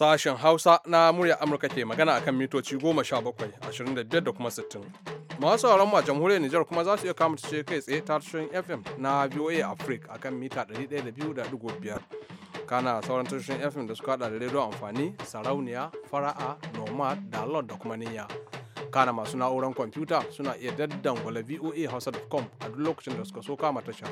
Sashen Hausa na murya Amurka ke magana akan mitoci 17, da kuma 60. Masu sauran a jamhuriyar Nijar kuma za su iya kama ce kai tsaye ta tashoshin FM na VOA Africa akan mita 102.5. Kana sauran tashoshin FM da suka hada da rediyon amfani, sarauniya, fara'a, nomad, download, da kuma niyya. Kana masu na'urar kwamfuta suna iya daddangwala voa hausa.com a duk lokacin da suka so kama tashar.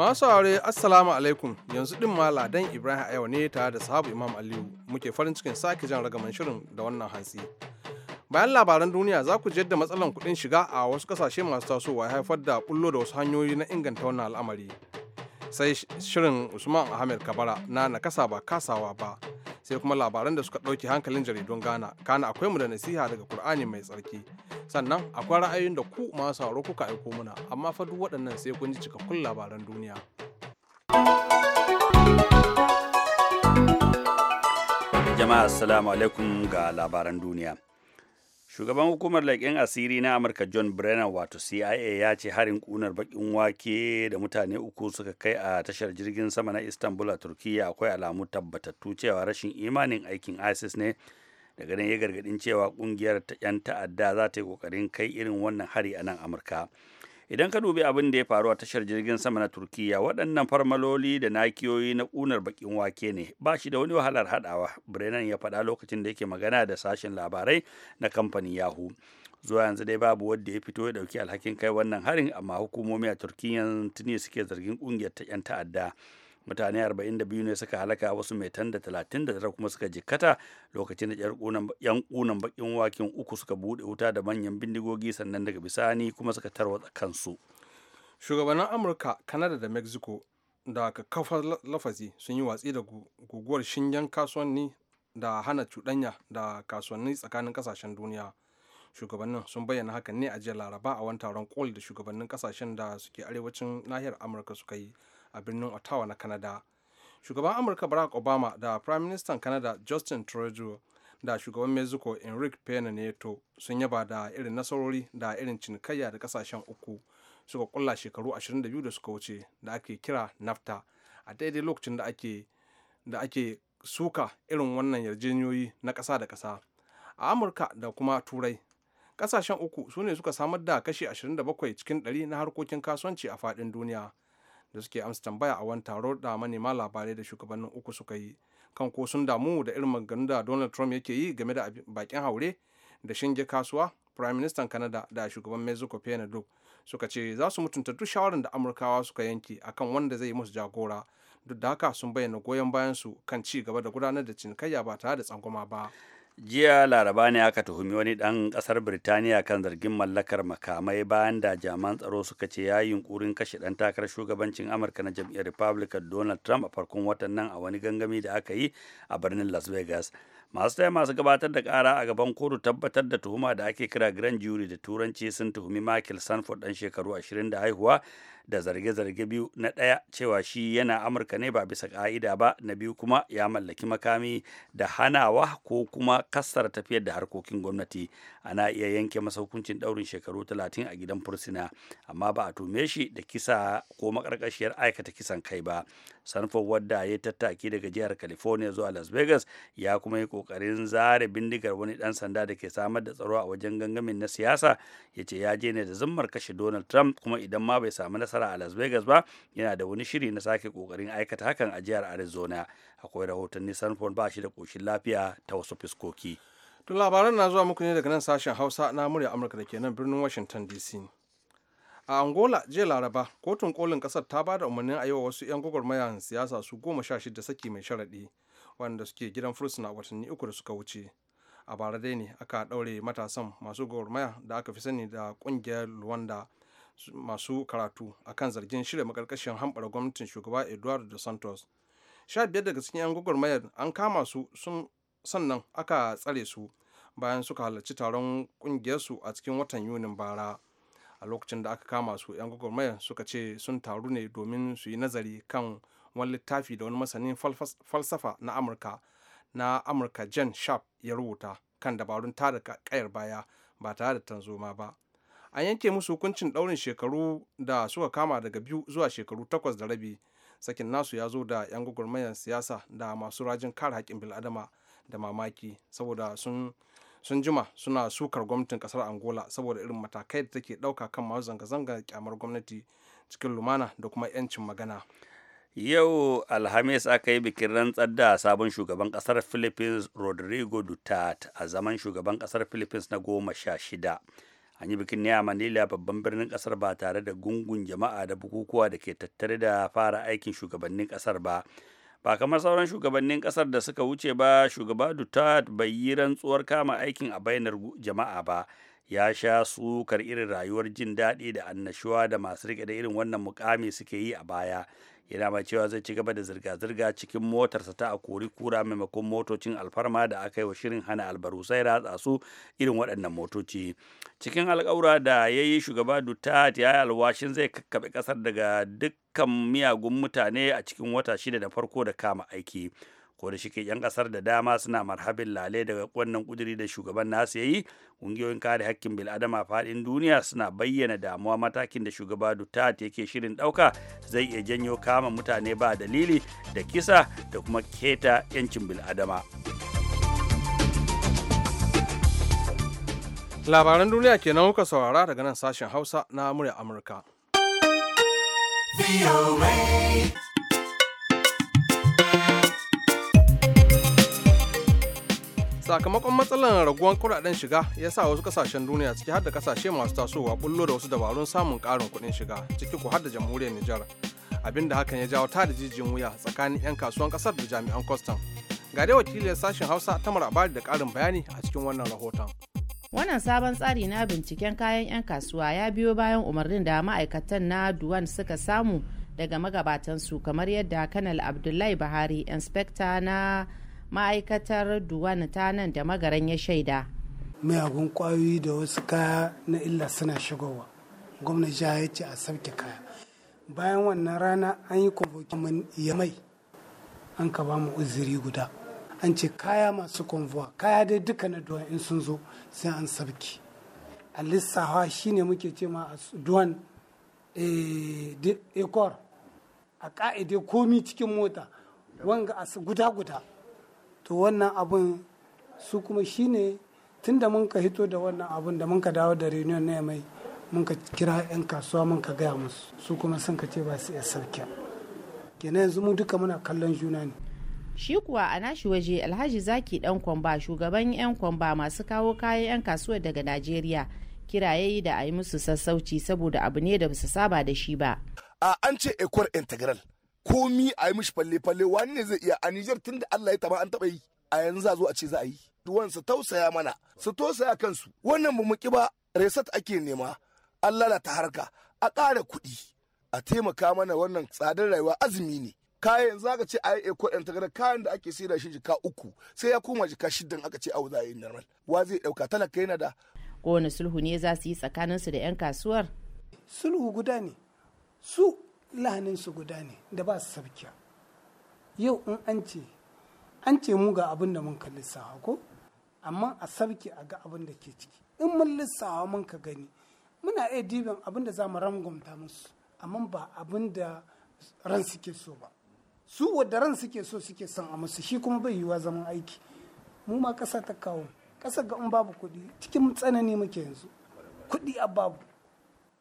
Masu aure Assalamu alaikum yanzu din ma Ladan Ibrahim a yau ne tare da sahabu Imam Aliyu muke farin cikin sake jan ragaman shirin da wannan hantsi. Bayan labaran duniya za ku yadda matsalan kuɗin shiga a wasu kasashe masu tasowa ya haifar da bullo da wasu hanyoyi na inganta wannan al'amari. Sai shirin Usman Ahmed Kabara na nakasa ba kasawa ba sai kuma labaran da suka ɗauke hankalin jaridun Ghana. Kana akwai mu da nasiha daga Kur'ani mai tsarki. Sannan akwai ra'ayoyin da ku masu sauraro kuka aiko muna, amma fa duk waɗannan sai kun ji cikakkun labaran duniya. Jama'a assalamu alaikum ga labaran duniya. shugaban hukumar laƙin asiri na amurka john brennan wato cia ya ce harin kunar baƙin wake da mutane uku suka kai a tashar jirgin sama na istanbul a turkiyya akwai alamu tabbatattu cewa rashin imanin aikin isis ne daga nan ya gargaɗin cewa ƙungiyar 'yan ta'adda za ta yi ƙoƙarin kai irin wannan hari a nan amurka idan ka dubi abin da ya faru a tashar jirgin sama na turkiya waɗannan farmaloli da nakiyoyi na ƙunar bakin wake ne ba shi da wani wahalar haɗawa brennan ya faɗa lokacin da yake magana da sashen labarai na kamfanin yahoo zuwa yanzu dai babu wanda ya fito ya ɗauki alhakin kai wannan harin amma hukumomi a turkiyya tuni suke zargin ƙungiyar ta 'yan ta'adda mutane 42 ne suka halaka wasu mai tanda 39 kuma suka jikkata lokacin da yan kunan bakin wakin uku suka bude wuta da manyan bindigogi sannan daga bisani kuma suka tarwatsa kansu shugabannin amurka kanada da mexico da kafar lafazi sun yi watsi da guguwar shingen kasuwanni da hana cuɗanya da kasuwanni tsakanin kasashen duniya shugabannin sun bayyana hakan ne a jiya laraba a wani taron koli da shugabannin kasashen da suke arewacin nahiyar amurka suka yi a birnin ottawa na canada shugaban amurka barack obama da prime minister canada justin trudeau da shugaban mexico enrique pena nieto sun yaba da irin nasarori da irin cinikayya da kasashen uku suka kulla shekaru 22 da suka wuce da ake kira nafta a daidai lokacin da ake da ake suka irin wannan yarjejeniyoyi na ƙasa da kasa a amurka da kuma turai kasashen uku su ne suka samar da kashi 27 cikin 100 na harkokin kasuwanci a faɗin duniya da suke amsa tambaya a wani taro da manema labarai da shugabannin uku suka yi kan ko sun damu da irin maganganun da donald trump yake yi game da bakin haure da shinge kasuwa prime minister canada da shugaban mexico pena duk suka ce za su mutunta duk shawaran da amurkawa suka yanke akan wanda zai yi musu jagora duk da haka sun bayyana goyon bayan su kan ci gaba da gudanar da cinikayya ba tare da tsangwama ba jiya laraba ne aka tuhumi wani dan kasar birtaniya kan zargin mallakar makamai bayan da jaman tsaro suka ce ya yi yunkurin kashe ɗan takarar shugabancin amurka na jam'iyyar republican donald trump a farkon watan nan a wani gangami da aka yi a birnin las vegas masu taya masu gabatar da kara a gaban kotu tabbatar da tuhuma da ake kira grand jury da turanci sun tuhumi michael sanford dan shekaru 20 da haihuwa da zarge-zarge biyu na ɗaya cewa shi yana amurka ne ba bisa ka'ida ba na biyu kuma ya mallaki makami da hanawa ko kuma kassar tafiyar da harkokin gwamnati ana iya yanke masa hukuncin ɗaurin shekaru 30 a gidan fursuna amma ba a tume shi da kisa ko makarkashiyar aikata kisan kai ba sanford wadda ya tattaki daga jihar california zuwa las vegas ya kuma yi kokarin zare bindigar wani dan sanda da ke samar da tsaro a wajen gangamin na siyasa ya ce ya je ne da zimmar kashe donald trump kuma idan ma bai samu nasara a las vegas ba yana da wani shiri na sake kokarin aikata hakan a jihar arizona akwai rahotanni sanford ba shi da koshin lafiya ta wasu fuskoki tun labaran na zuwa muku ne daga nan sashen hausa na murya amurka da ke nan birnin washington dc a angola jiya laraba kotun kolin kasar ta ba da umarnin a wa wasu 'yan gwagwarmayan siyasa su goma sha shida saki mai sharaɗi wanda suke gidan fursuna watanni uku da suka wuce a bara dai ne aka ɗaure matasan masu gwagwarmaya da aka fi sani da ƙungiyar luwanda masu karatu akan zargin shirya makarkashin hamɓar gwamnatin shugaba eduardo dos santos sha biyar daga cikin 'yan gwagwarmayar an kama su sun sannan aka tsare su bayan suka halarci taron ƙungiyarsu a cikin watan yunin bara a lokacin da aka kama su 'yan gwagwarmaya suka ce sun taru ne domin su yi nazari kan wani littafi da wani masanin falsafa na amurka na amurka jan sharp ya rubuta kan dabarun tada kayar baya ba tare da tanzoma ba an yanke musu hukuncin daurin shekaru da suka kama daga biyu zuwa shekaru takwas da rabi sakin nasu ya zo da 'yan gwagwarmayar siyasa da masu rajin kare haƙƙin bil'adama da mamaki saboda sun sun jima suna sukar gwamnatin kasar angola saboda irin matakai da take dauka kan masu zanga-zanga kyamar gwamnati cikin lumana da kuma 'yancin magana yau alhamis aka yi bikin rantsar da sabon shugaban kasar philippines rodrigo duterte a zaman shugaban kasar philippines na goma sha shida an yi bikin ne a manila babban birnin kasar ba tare da gungun jama'a da bukukuwa da ke tattare da fara aikin shugabannin kasar ba ba kamar sauran shugabannin kasar da suka wuce ba shugaba duterte bai yi rantsuwar kama aikin a bainar jama'a ba ya sha sukar irin rayuwar jin daɗi da annashuwa da masu riƙe da irin wannan mukami suke yi a baya yana mai cewa zai ci gaba da zirga-zirga cikin motarsa ta akori kura maimakon motocin alfarma da aka yi wa shirin hana albarusai ratsa su irin waɗannan motoci cikin alƙawura da ya yi shugaba duterte ya yi alwashin zai kakkaɓe ƙasar daga dukkan miyagun mutane a cikin wata shida da farko da kama aiki ko da shike yan kasar da dama suna marhabin lale daga wannan kuduri da shugaban nasu yayi kungiyoyin kare hakkin bil'adama fadin duniya suna bayyana damuwa matakin da shugaba Duterte yake shirin dauka zai iya janyo kama mutane ba dalili da kisa da kuma keta yancin bil'adama labaran duniya kenan kuka saurara daga nan sashen hausa na murya amurka sakamakon matsalar raguwar kuɗaɗen shiga ya sa wasu kasashen duniya ciki har da kasashe masu tasowa bullo da wasu dabarun samun ƙarin kuɗin shiga ciki ko har da jamhuriyar nijar abinda hakan ya jawo tada jijin wuya tsakanin 'yan kasuwan ƙasar da jami'an kwastam ga dai wakilin sashen hausa ta abari da ƙarin bayani a cikin wannan rahoton wannan sabon tsari na binciken kayan 'yan kasuwa ya biyo bayan umarnin da ma'aikatan na duwan suka samu daga magabatansu kamar yadda kanal abdullahi buhari inspector na ma'aikatar duwan ta nan da magaran ya shaida mayagun kwayoyi da wasu kaya na illa suna shigowa gwamnati jiha ya ce a sauke kaya bayan wannan rana an yi kwamfokin mai an ka ba mu uziri guda an ce kaya masu kwamfowa, kaya dai duka na duwan in sun zo sai an sabki a lissawa ne muke ce ma duwan ekor eh, a ka'ide komi cikin mota wanga a guda guda to wannan abun su kuma shine tun da mun ka hito da wannan abun da mun ka dawo da reunion na mai mun ka kira 'yan kasuwa mun ka gaya musu su kuma sun ka ce ba su iya sarki kenan yanzu mu duka muna kallon juna ne shi kuwa a nashi waje alhaji zaki dan kwamba shugaban 'yan kwamba masu kawo kayan 'yan kasuwa daga najeriya kiraye da a yi musu sassauci saboda abu ne da ba su saba da shi ba a an ce ekwar integral komi a yi mishi falle-falle wani ne zai iya a Nijar tun da Allah ya taba an taba yi a yanzu za zo a ce za a yi. Duwan su tausaya mana su tausaya kansu wannan ba mu ki ba reset ake nema an lalata harka a ƙara kuɗi a taimaka mana wannan tsadar rayuwa azumi ne. kayan za ka ce a yi eko ɗan kayan da ake saida shi jika uku sai ya koma jika shiddan aka ce a za yi normal wa zai ɗauka talaka yana da. kowane sulhu ne za su yi tsakaninsu da 'yan kasuwar. sulhu guda ne su lahaninsu guda ne da ba su sarki yau in an ce an ce mu ga abin da mun ka lissawa ko amma a sabki a ga abin da ke ciki in mun lissawa mun ka gani muna iya dibin abin da za mu rangumta musu amma ba abin da ran suke so ba su wadda ran suke so suke son a musu shi kuma bai yiwa zaman aiki mu ma ƙasa ta kawo ƙasa ga in babu kuɗi cikin tsanani muke yanzu kuɗi a babu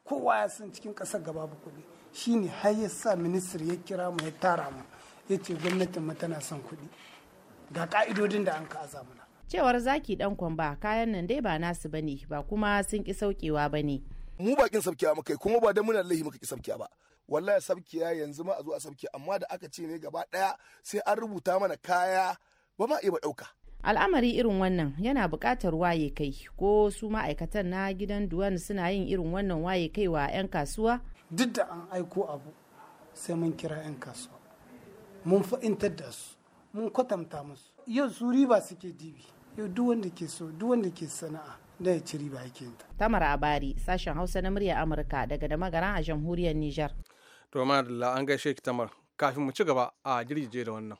kowa ya san cikin ƙasa ga babu kuɗi shine har yasa sa ya kira mu ya tara mu ya ce gwamnatin mu tana son kuɗi ga ka'idodin da an ka aza cewar zaki dan kwamba kayan nan dai ba nasu bane ba kuma sun ki saukewa bane mu bakin sabkiya muka kuma ba da muna lahi muka ki sabkiya ba wallahi sabkiya yanzu ma a zo a sabkiya amma da aka ce ne gaba ɗaya sai an rubuta mana kaya ba ma iya ba dauka al'amari irin wannan yana buƙatar waye kai ko su ma'aikatan na gidan duwan suna yin irin wannan waye kai wa 'yan kasuwa duk da an aiko abu sai mun kira 'yan kasuwa mun fa'intar da su mun kwatanta musu yau su riba suke dibi yau duk wanda ke so duk wanda ke sana'a da ya ci riba yake ta tamara abari sashen hausa na murya amurka daga da magana a jamhuriyar nijar. to ma'adala an gaishe ki tamar kafin mu ci gaba a girgije da wannan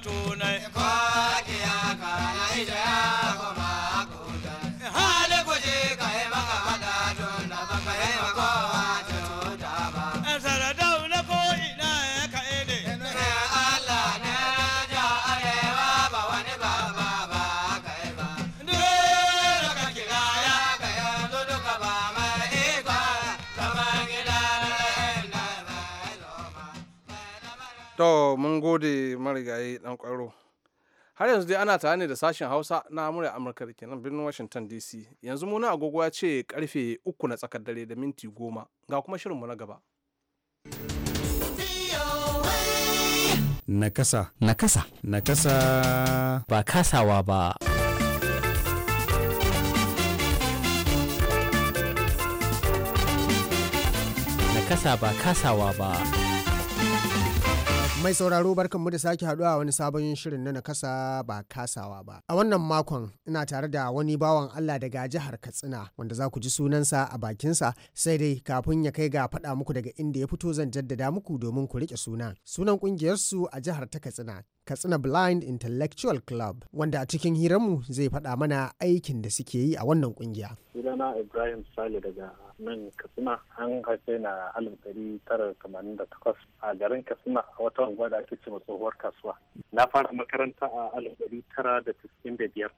tunai. Kwa ija To mun gode marigayi dan kwaro. Har yanzu dai ana tare ne da sashen Hausa na murya Amurka da kenan birnin Washington DC. Yanzu muna agogo ya ce karfe uku na tsakar dare da minti goma ga kuma mu na gaba. Nakasa. Nakasa. Nakasa. Ba kasawa ba. Nakasa ba kasawa ba. Mai sauraro barkanmu da sake haduwa wani sabon shirin na nakasa ba kasawa ba. A wannan makon ina tare da wani bawan Allah daga jihar Katsina wanda za ku ji sunansa a bakinsa sai dai kafin ya kai ga faɗa muku daga inda ya fito zan jaddada muku domin ku riƙe suna. Sunan ƙungiyarsu a jihar ta Katsina katsina blind intellectual club wanda a cikin hiranmu zai faɗa mana aikin da suke yi a wannan ƙungiya? sunana ibrahim sale daga nan katsina an haife na alif ɗari tara tamanin da takwas a garin katsina a wata unguwa da ake tsohuwar kasuwa na fara makaranta a alif tara da tisin da biyar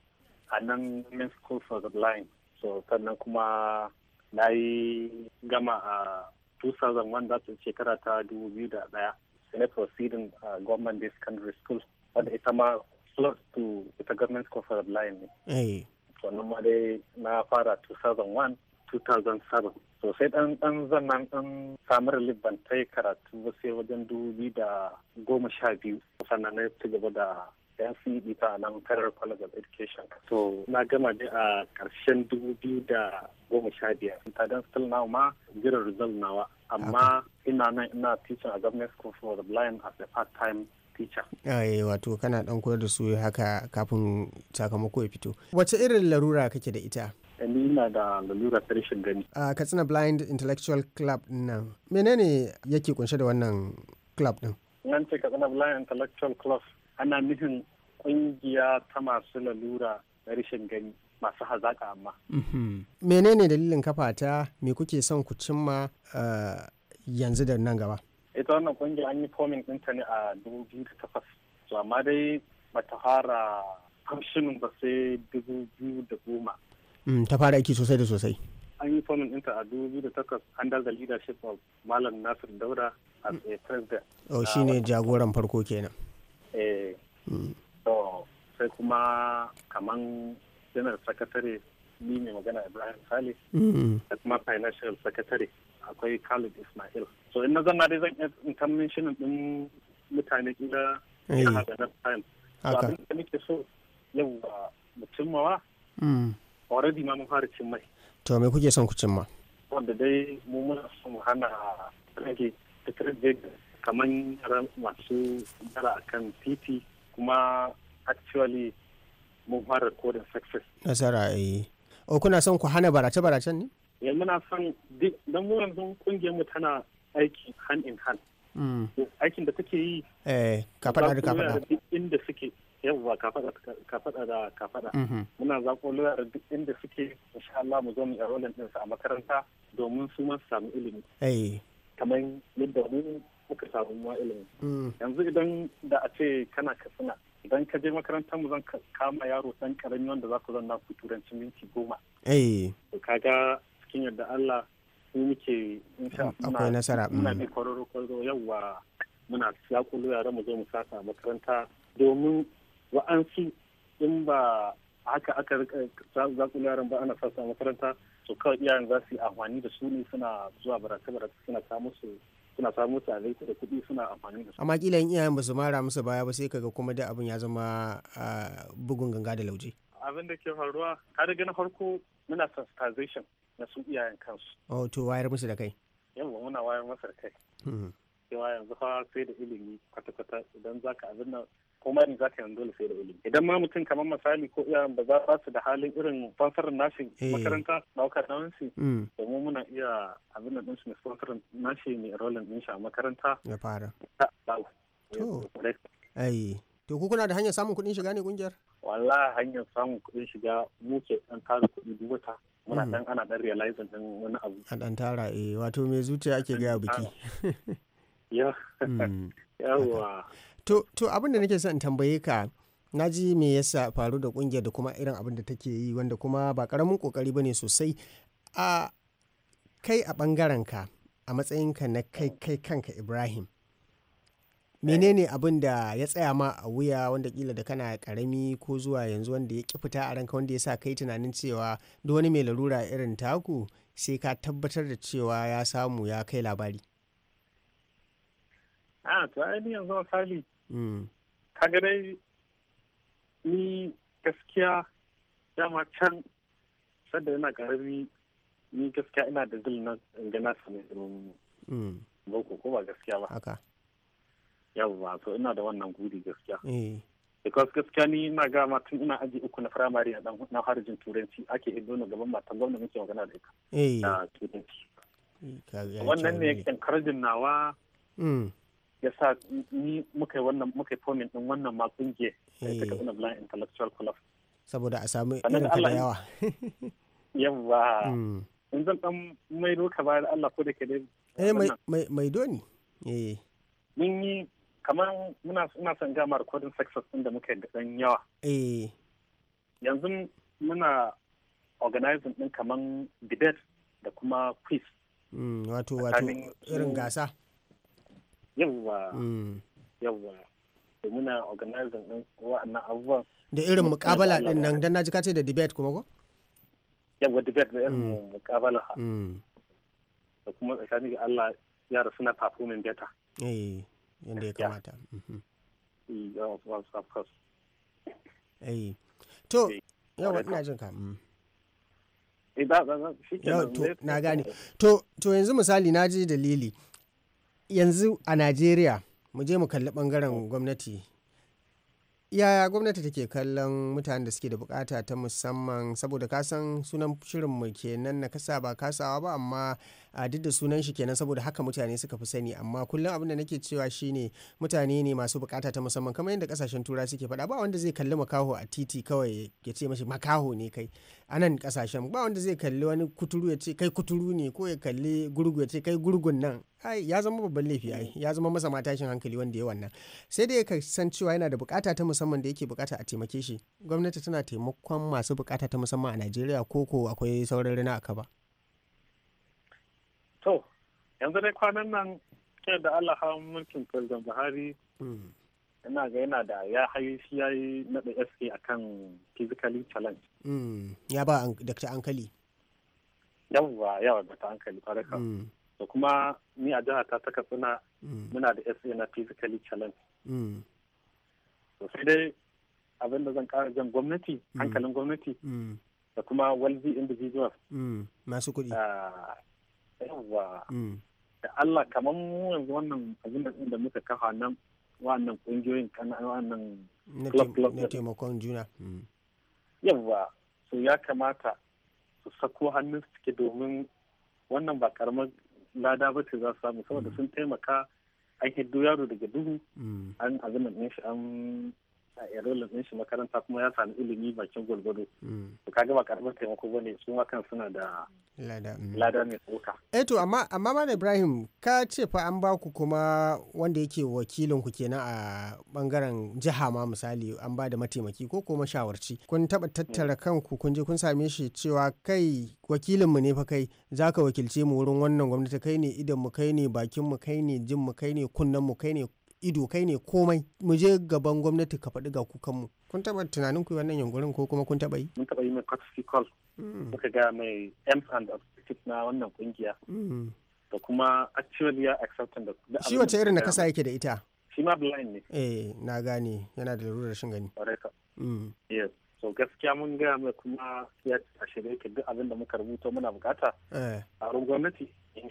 a nan Men's school for the blind so sannan kuma na yi gama a 2001 da shekara ta 2001 Senate proceeding uh, government based secondary school wanda ita ma close to ita government conference line ne. To nan ma dai na fara 2001 2007. So sai dan dan zannan dan samu relief ban ta karatu ba sai wajen dubu da goma sha biyu sannan na ci gaba da NCE ita nan Federal College of Education. So na gama dai a ƙarshen dubu biyu da goma sha biyar. Ta dan still now ma jiran result nawa. Amma ina nan ina teaching a government school for the blind as a part-time teacher. wato kana ɗan koyar da su haka kafin sakamako ya fito. Wace irin larura kake da ita? Eh, ni ina da lalura ta rashin gani. A Katsina Blind Intellectual Club nan. Menene yake kunshe da wannan club din? Nan ce Katsina Blind Intellectual Club ana nufin kungiya ta masu lalura na rashin gani masu hazaka amma. Mhm. menene dalilin kafa ta me kuke son ku cimma eh, yanzu da nan gaba ita wannan kungiya an yi forming ɗinta ne a 2008 to amma dai ta fara kamshinin ba sai 2010 mm, ta fara aiki sosai da sosai an yi fomin ɗinta a 2008 under the leadership of malam nasir daura as a president oh shine ah, jagoran farko kenan Eh, mm. to sai kuma kaman general secretary ni mai magana ibrahim Sali. Mm. da kuma financial secretary akwai khalid ismail so in na zanna dai zan iya kamishinin din mutane kila eh. ya na time abin da nake so yau mu wa. Mm. already ma mun fara mai to me kuke son ku ma wanda dai mu muna son hana rage da kamar yaran masu yara a kan titi kuma actually mun fara kodin success. Nasara eh. O oh, kuna son ku hana barace-baracen ne? Ya eh, muna son duk don mu yanzu kungiyar mu tana aiki hand in hand. Hmm. Aikin da take yi. Eh, ka faɗa da ka faɗa. Duk inda suke yawwa ka faɗa da ka faɗa. Mhm. Muna zaƙo lura duk inda suke insha Allah mu zo mu enrollment ɗinsu a makaranta domin su ma su samu ilimi. Eh. Kamar yadda mu muka samu ma ilimi mm. yanzu idan da a ce kana katsina idan ka je makarantar mu zan kama yaro san karami wanda za ku zanna ku turanci minti goma eh kaga cikin yadda Allah mu muke in sha nasara mm. muna bi kwararo kwararo wa. muna yakulu yaran mu zo mu saka makaranta domin wa'ansu in ba haka aka rika ku yaran ba ana sasa makaranta to kawai iyayen za su yi amfani da su ne suna zuwa barata barata suna kawo musu suna samu mutane da kuɗi suna amfani da su amma kila iyayen ba su mara musu baya ba sai kaga kuma da abin ya zama bugun ganga da lauje abin da ke faruwa ka daga na farko muna sensitization na su iyayen kansu oh to wayar musu da kai yamma muna wayar musu da kai cewa hmm. yanzu fa sai da ilimi kwata-kwata idan zaka abin nan ko mari za ka yanzu dole sai da ilimi idan ma mutum kamar misali ko iyayen ba za ba su da halin irin sponsorin nashi eh. makaranta ɗaukar nauyin Da domin mm. muna iya abin da ɗinsu ne sponsorin nashi ne rolin ɗin shi a makaranta ya fara to ai to ku kuna da hanyar samun kuɗin shiga ne kungiyar wallahi hanyar samun kuɗin shiga muke ɗan tara kuɗi duk wata muna dan mm. ana dan realizing din wani abu a dan tara eh wato me zuciya ake gaya biki mm. yawwa To, to abin da nake son tambaye ka na ji me yasa faru da kungiyar da kuma irin abin da take yi wanda kuma ba karamin kokari bane sosai a kai a bangaren ka a matsayin ka na kai kai kanka Ibrahim menene abin da ya tsaya ma a wuya wanda kila da kana karami ko zuwa yanzu wanda ya ki fita a ranka wanda ya sa kai tunanin cewa duk wani mai larura irin taku sai ka tabbatar da cewa ya samu ya kai labari a to ai yanzu misali Mm. kaga dai ni gaskiya dama can sadda yana karami ni gaskiya ina da zil na gana su ne irin mm. boko ko ba gaskiya ba haka yawwa so ina da wannan gudi gaskiya eh. because gaskiya ni ina ga matan ina aji uku na firamare a na harajin turanci ake ido na gaban matan gwamna mace magana da ita eh. a turanci eh, wannan ne encouraging nawa mm. ya sa ni muka yi wannan muka yi fomin din wannan ma kungiyar ta eh. Kaduna na Intellectual Club saboda a samu irin da yawa yawa hmm. in zan dan maido ka bayar Allah ko da ke dai eh mai maido eh mun yi kamar muna suna son gama recording success din da muka yi da dan yawa eh yanzu muna organizing din kamar debate da kuma quiz hmm, wato wato irin gasa yawwa mm. yawwa da muna organizing din wa'annan abubuwan da irin mukabala din nan dan naji ka ce da debate kuma ko yawwa debate da irin mm. mukabala mm. da kuma tsakanin Allah ya yara suna performing better eh yanda ya kamata mm-hmm. eh, eh to eh, yawwa ina jin ka eh, na gane to yanzu misali na ji dalili yanzu a najeriya mu je mu kalli bangaren gwamnati yaya gwamnati take kallon mutanen da suke da bukata ta musamman saboda kasan sunan shirin mu kenan na kasa ba kasawa ba amma a duk da sunan shi kenan saboda haka mutane suka fi sani amma kullum abin da nake cewa shine mutane ne masu bukata ta musamman kamar yadda kasashen tura suke faɗa ba wanda zai kalli makaho a titi kawai ya ce mashi makaho ne kai a nan kasashen ba wanda zai kalli wani kuturu ya ce kai kuturu ne ko ya kalli gurgu ya ce kai gurgun nan ai ya zama babban laifi ai ya zama masa tashin hankali wanda ya wannan sai dai ka san cewa yana da bukata ta musamman da yake bukata a taimake shi gwamnati tana taimakon masu bukata ta musamman a Najeriya ko ko akwai sauran rina aka ba To, yanzu dai kwanan nan ke da Allah hawan mulkin President Buhari yana ga yana da ya hayi shi ya yi naɗa SK a kan physically challenge. Mm, ya ba Dr. Ankali. Yawwa yawa Dr. Ankali kwaraka. Da mm. kuma ni a jihar ta ta Katsina mm. muna da SA na physically challenge. To sai dai abin da zan kara jan gwamnati, hankalin gwamnati da kuma wealthy individuals. Masu kuɗi. Ah, yawwa mm. da Allah kamar mu yanzu wannan abin da muka kafa nan wannan kungiyoyin kan wannan club club na taimakon juna mm. yawwa so ya kamata su sako hannun su cike domin wannan ba karamar lada ba ce za su samu saboda mm. sun taimaka an hiddo yaro daga duhu an abin nan shi an enrollment shi makaranta kuma ya sami ilimi bakin gwalgwado mm. to kaga ba karamar taimako ba ne su makan suna da lada mm. mai tsoka Eto eh amma amma ibrahim ka ce fa an ba ku kuma wanda yake wakilin ku kenan a bangaren jiha ma misali an ba da mataimaki ko kuma shawarci kun taba tattara kanku kun je kun same shi cewa kai wakilin mu ne fa kai zaka wakilce mu wurin wannan gwamnati kai ne idan mu kai ne bakin mu kai ne jin mu kai ne kunnan mu kai ne ido kai ne komai mu je gaban gwamnati ka faɗi ga mu. kun taɓa tunanin ku wannan yunkurin ko kuma kun taɓa yi mun taɓa yi mai courtesy call mm. muka ga mai m and objective na wannan kungiya mm. da kuma actually ya accepting da shi wace irin na kasa yake da ita shi ma blind ne eh na gane yana da larurar shin gani mm. yes so gaskiya mun gaya mai kuma ya shirya yake duk abin da muka rubuta muna bukata eh. a gwamnati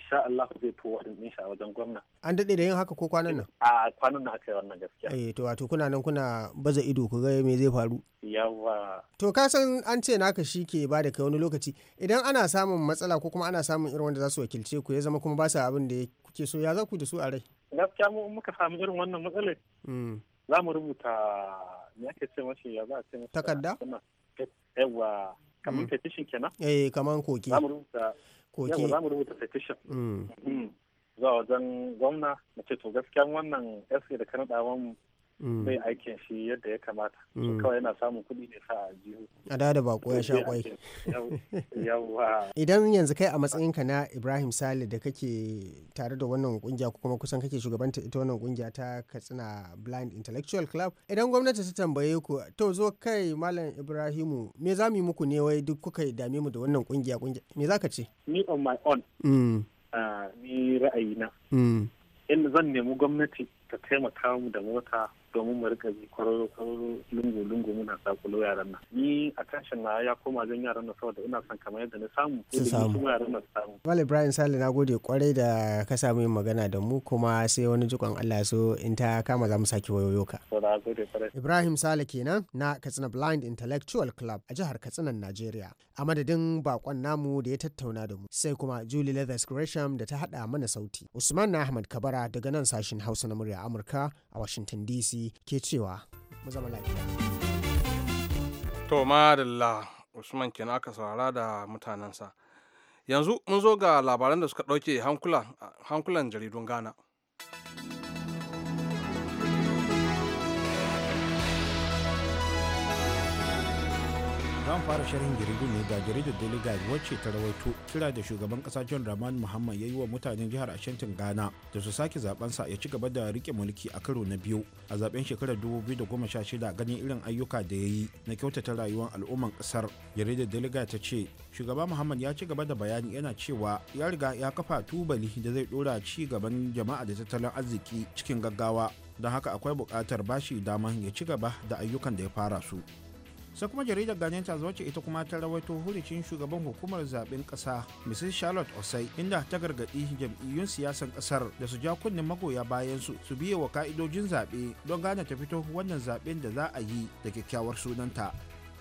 insha Allah zai fi waɗin ɗin a wajen gwamna. An daɗe da yin haka ko kwanan nan? A kwanan nan aka yi wannan gaskiya. Eh to wato kuna nan kuna baza ido ku ga me zai faru. Yawa. To ka san an ce naka shi ke ba da kai wani lokaci idan ana samun matsala ko kuma ana samun irin wanda za su wakilce ku ya zama kuma ba sa abin da kuke so ya za ku da su a rai. Gaskiya mu muka samu irin wannan matsalar. Hmm. Za mu rubuta me ake ce mashi ya za a ce mashi. Takarda? Yawa. Kamar hmm. petition kenan? Eh kamar koki. Za mu rubuta yawa za mu rubuta petition mm. Mm. zuwa wajen gwamna na ce to gaskiyan wannan essay da ka mu mai mm. aikin shi yadda ya kamata mm. kawai yana samun kuɗi ne sa a jihu a da da bako ya sha kwai yawa idan yanzu kai a matsayinka na ibrahim sale da kake tare da wannan kungiya ko kuma kusan kake shugabanta ita wannan kungiya ta katsina blind intellectual club idan gwamnati ta tambaye ku to zo kai malam ibrahimu me za mu yi muku ne wai duk kuka dame mu da wannan kungiya kungiya me za ka ce me on my own mm. ni ra'ayina in zan nemi gwamnati ta taimaka mu da mota domin mu rika bi kwararo kwararo lungu lungu muna sakulo yaran nan ni attention na ya koma zan yaran nan saboda ina san kamar yadda na samu su samu yaran nan samu Ibrahim Sale na gode kwarai da ka samu yin magana da mu kuma sai wani jikon Allah so in ta kama za mu saki wayoyo ka Ibrahim Sale kenan na Katsina Blind Intellectual Club a jihar Katsinan Najeriya a madadin bakon namu da ya tattauna da mu sai kuma Julie Leathers Gresham da ta hada mana sauti Usman Ahmad Kabara daga nan sashin Hausa na murya Amurka a Washington DC ke cewa mu zama lafiya. To madalla Usman kenan aka saurara da mutanensa. Yanzu mun zo ga labaran da suka ɗauke hankulan jaridun Ghana. an fara shirin jaridu ne da jaridar daily guide wacce ta rawaito kira da shugaban kasa john rahman muhammad ya yi wa mutanen jihar ashantin ghana da su sake zabensa ya ci gaba da rike mulki a karo na biyu a zaben shekarar 2016 ganin irin ayyuka da ya yi na kyautata rayuwar al'umman kasar jaridar daily guide ta ce shugaba muhammad ya ci gaba da bayani yana cewa ya riga ya kafa tubali da zai dora ci gaban jama'a da tattalin arziki cikin gaggawa don haka akwai buƙatar bashi daman ya ci gaba da ayyukan da ya fara su sai kuma jaridar ganyen ta wacce ita kuma ta rawaito hulicin shugaban hukumar zaben kasa mrs charlotte osai inda ta gargadi jam'iyyun siyasan kasar da su ja kunnen magoya bayan su su biye wa ka'idojin zaɓe don gane ta fito wannan zaɓen da za a yi da kyakkyawar sunanta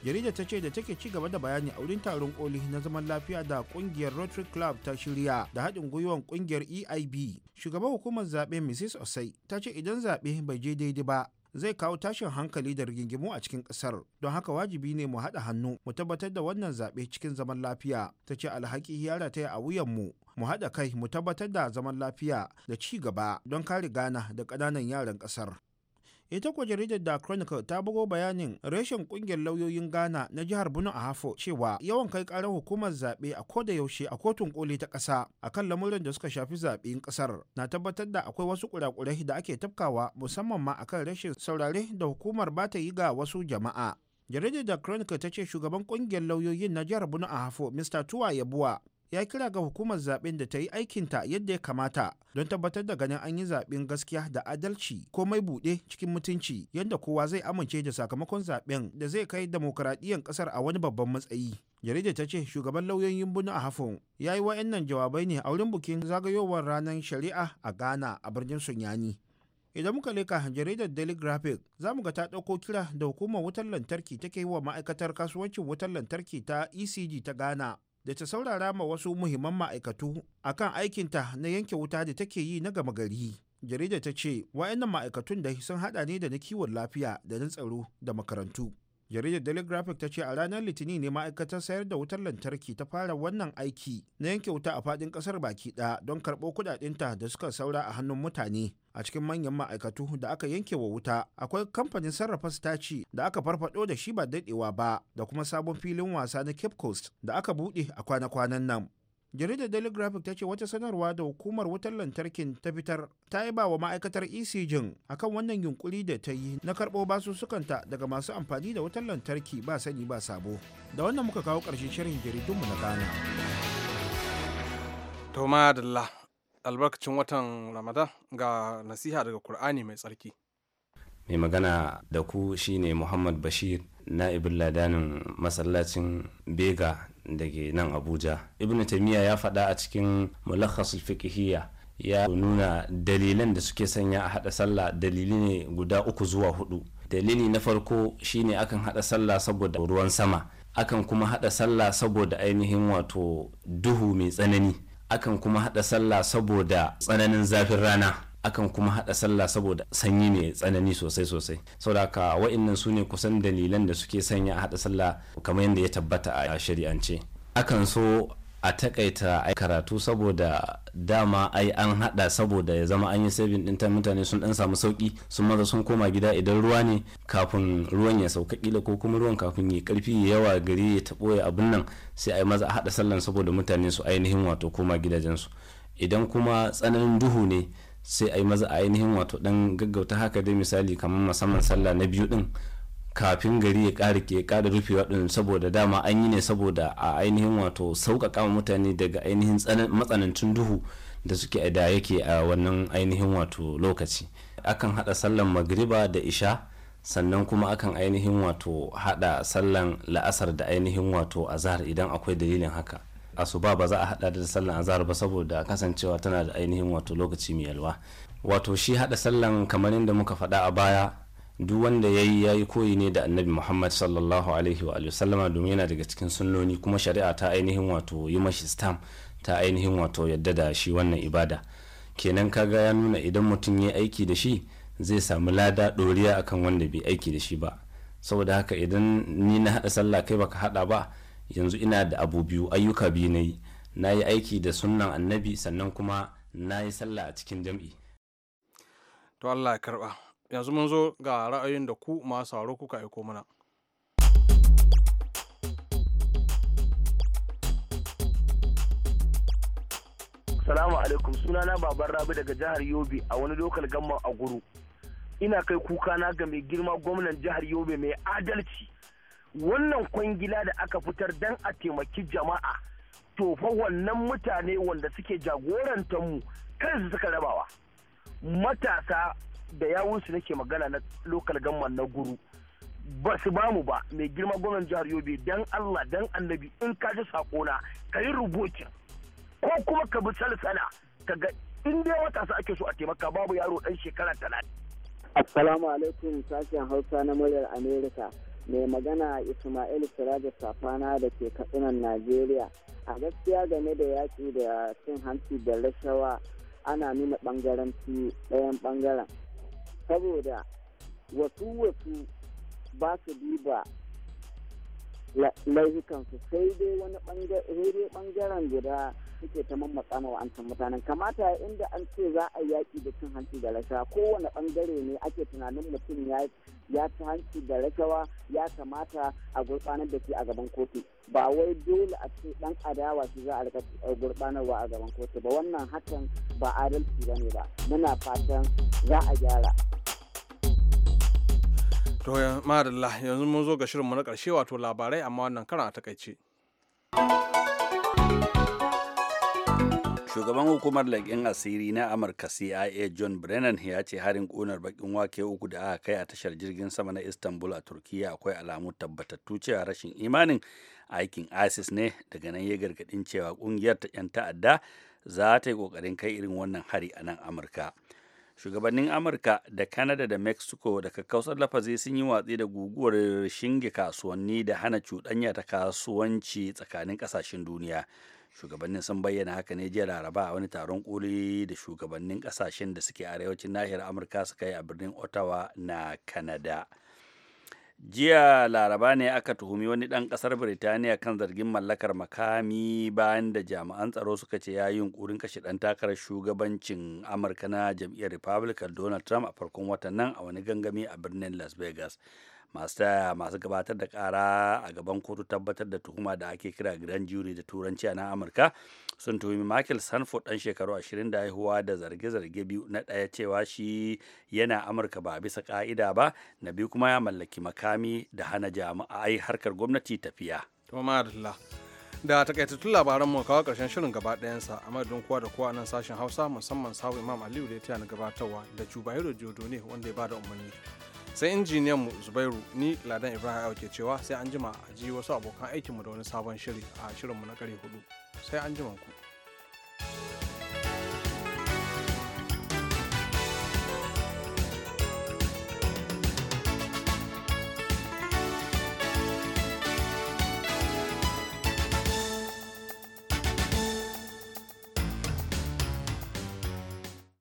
jaridar ta ce da take ci gaba da bayani a wurin taron koli na zaman lafiya da kungiyar rotary club ta shirya da haɗin gwiwan kungiyar eib shugaban hukumar zaɓe mrs osai ta ce idan zaɓe bai je daidai ba zai kawo tashin hankali da rigingimu a cikin ƙasar don haka wajibi ne mu haɗa hannu mu tabbatar da wannan zaɓe cikin zaman lafiya ta ce alhaki ta yi a wuyanmu mu haɗa kai mu tabbatar da zaman lafiya da ci gaba don kare gana da ƙananan yaran ƙasar ita kuwa jaridar da chronicle ta bugo bayanin reshen kungiyar lauyoyin ghana na jihar bunu a hafo cewa yawan kai karar hukumar zaɓe a koda yaushe a kotun koli ta ƙasa akan lamurin da suka shafi zaɓen ƙasar na tabbatar da akwai wasu kurakure da ake tafkawa musamman ma akan rashin saurare da hukumar ba ta yi ga wasu jama'a jaridar da chronicle ta ce shugaban kungiyar lauyoyin na jihar bunu a hafo mr tuwa yabuwa ya kira ga hukumar zaben da ta yi aikinta yadda ya kamata don tabbatar da ganin an yi zaben gaskiya da adalci ko mai buɗe cikin mutunci yadda kowa zai amince da sakamakon zaben da zai kai demokuraɗiyyar ƙasar a wani babban matsayi jaridar ta ce shugaban lauyoyin bunu a hafin ya yi wa'annan jawabai ne a wurin bukin zagayowar ranar shari'a a ghana a birnin sunyani idan muka leka jaridar daily graphic za mu ga ta ɗauko kira da hukumar wutar lantarki take yi wa ma'aikatar kasuwancin wutar lantarki ta ecg ta ghana da ta saurara ma wasu muhimman ma'aikatu a kan aikinta na yanke wuta da take yi na gama gari. Jarida ta ce, wa'annan ma'aikatun da sun hada ne da na kiwon lafiya da na tsaro da makarantu. jaridar daily graphic ta ce a ranar Litini ne ma'aikatar sayar da wutar lantarki ta fara wannan aiki na yanke wuta a fadin kasar baki ɗaya don karɓo kuɗaɗinta da suka saura a hannun mutane a cikin manyan ma'aikatu da aka yanke wa wuta akwai kamfanin sarrafa sitaci da aka farfado da shi ba daɗewa ba da kuma sabon filin wasa na cape coast da aka buɗe a kwana-kwanan nan jaridar daily graphic ta ce wata sanarwa da hukumar wutar lantarkin ta fitar ta yi ba wa ma'aikatar ecg akan wannan yunkuri da ta yi na karɓo basussukanta daga masu amfani da wutar lantarki ba sani ba sabo da wannan muka kawo ƙarshen shirin jaridunmu na ghana toma adalla albarkacin watan ramadan ga nasiha daga kur'ani mai tsarki mai magana da ku shine muhammad bashir na'ibin ladanin masallacin bega da ke nan abuja ibn taimiyya ya faɗa a cikin mulakhasul fiqhiyya ya nuna dalilan da suke sanya a haɗa sallah dalili ne guda uku zuwa hudu dalili na farko shine akan haɗa sallah saboda ruwan sama akan kuma haɗa sallah saboda ainihin wato duhu mai tsanani akan kuma haɗa sallah saboda tsananin zafin rana akan kuma hada sallah saboda sanyi ne tsanani sosai sosai saboda haka wa'annan su ne kusan dalilan da suke sanya a hada sallah kamar yadda ya tabbata a shari'ance akan so a takaita ai karatu saboda dama ai an hada saboda ya zama an yi saving din ta mutane sun dan samu sauki sun maza sun koma gida idan ruwa ne kafin ruwan ya sauka kila ko kuma ruwan kafin ya karfi ya yawa gari ya tabo ya abin nan sai ai maza a hada sallan saboda mutane su ainihin wato koma gidajen su idan kuma tsananin duhu ne sai a yi maza a ainihin wato dan gaggauta haka dai misali kamar musamman sallah na biyu din kafin gari ya ƙara ke ƙara rufewa din saboda dama an yi ne saboda a ainihin wato sauƙaƙa mutane daga ainihin matsanancin duhu da suke da yake a wannan ainihin wato lokaci akan hada sallan magriba da isha sannan kuma akan ainihin wato hada sallan la'asar da ainihin wato azhar idan akwai dalilin haka asuba ba za a hada da sallan azhar ba saboda kasancewa tana da ainihin wato lokaci mai yalwa wato shi hada sallan kamar yadda muka faɗa a baya duk wanda ya yi ya yi koyi ne da annabi muhammad sallallahu alaihi wa sallama domin yana daga cikin sunnoni kuma shari'a ta ainihin wato yi mashi stam ta ainihin wato yadda da shi wannan ibada kenan kaga ya nuna idan mutum ya aiki da shi zai samu lada ɗoriya akan wanda bai aiki da shi ba saboda haka idan ni na haɗa sallah kai baka haɗa ba yanzu ina da abu biyu ayyuka biyu na yi na yi aiki da sunnan annabi sannan kuma na yi sallah a cikin jam'i to allah ya karba yanzu mun zo ga ra'ayin da ku masu sauro kuka aiko mana Salamu alaikum sunana baban rabi daga jihar Yobe a wani lokal gamma a guru. Ina kai kuka na ga mai girma gwamnan jihar Yobe mai adalci wannan kwangila da aka fitar don a taimaki jama'a to fa wannan mutane wanda suke jagorantar mu kan kansu suka rabawa matasa da yawunsu nake magana na lokal gamman na guru ba su ba mu ba mai girma gwamnan jihar yobe dan allah dan annabi in ka ji sakona ka yi rubutun ko kuma ka bi salsala ka ga in dai matasa ake so a taimaka babu yaro dan shekara talatin assalamu alaikum sashen hausa na muryar america mai magana ismail siraja safana da ke katsinan najeriya a gaskiya game da yaƙi da cin hanci da rashawa ana nuna ɓangaranci ɗayan ɓangaren saboda wasu wasu ba su diba laifukansu sai dai wani ɓangaren guda suke ta mammatsa ma wa'ancan mutanen kamata inda an ce za a yaki da cin hanci da rashawa kowane bangare ne ake tunanin mutum ya ci hanci da rashawa ya kamata a gurɓanar da shi a gaban kotu ba wai dole a ce dan adawa shi za a rika eh, gurɓanarwa a gaban kotu ba wannan hakan ba adalci ba ne ba muna fatan za a gyara. To madalla yanzu mun zo ga mu na karshe wato labarai amma wannan karan a takaice. shugaban hukumar leƙen asiri na amurka cia john brennan ya ce harin ƙunar bakin wake uku da aka kai a tashar jirgin sama na istanbul a turkiya akwai alamu tabbatattu cewa rashin imanin aikin isis ne daga nan ya gargaɗin cewa ƙungiyar ta 'yan ta'adda za ta yi ƙoƙarin kai irin wannan hari a nan amurka shugabannin amurka da kanada da mexico da kakkausar lafazi sun yi watsi da guguwar shinge kasuwanni da hana cuɗanya ta kasuwanci tsakanin ƙasashen duniya shugabannin sun bayyana haka ne jiya laraba a wani taron koli da shugabannin kasashen da suke arewacin nahiyar amurka suka yi a birnin ottawa na kanada jiya laraba ne aka tuhumi wani dan ƙasar birtaniya kan zargin mallakar makami bayan da jami'an tsaro suka ce ya yi yunkurin kashe ɗan takarar shugabancin amurka na jam'iyyar republican donald trump a farkon watan nan a wani gangami a birnin las vegas masu taya masu gabatar da kara a gaban kotu tabbatar da tuhuma da ake kira grand jury da turanci a nan amurka sun tuhumi michael sanford dan shekaru 20 da haihuwa da zarge-zarge biyu na daya cewa shi yana amurka ba bisa ka'ida ba na biyu kuma ya mallaki makami da hana jama'a ai harkar gwamnati tafiya da takaitattun labaran mu kawo karshen shirin gaba ɗayansa a madadin kowa da kowa nan sashen hausa musamman sawu imam aliyu da ya taya na gabatarwa da jubairu jodo ne wanda ya bada umarni sai injiniyan mu zubairu ni ladan ibrahim ke cewa sai an jima a ji wasu abokan aikinmu da wani sabon shiri a shirinmu na kare hudu sai an jima ku.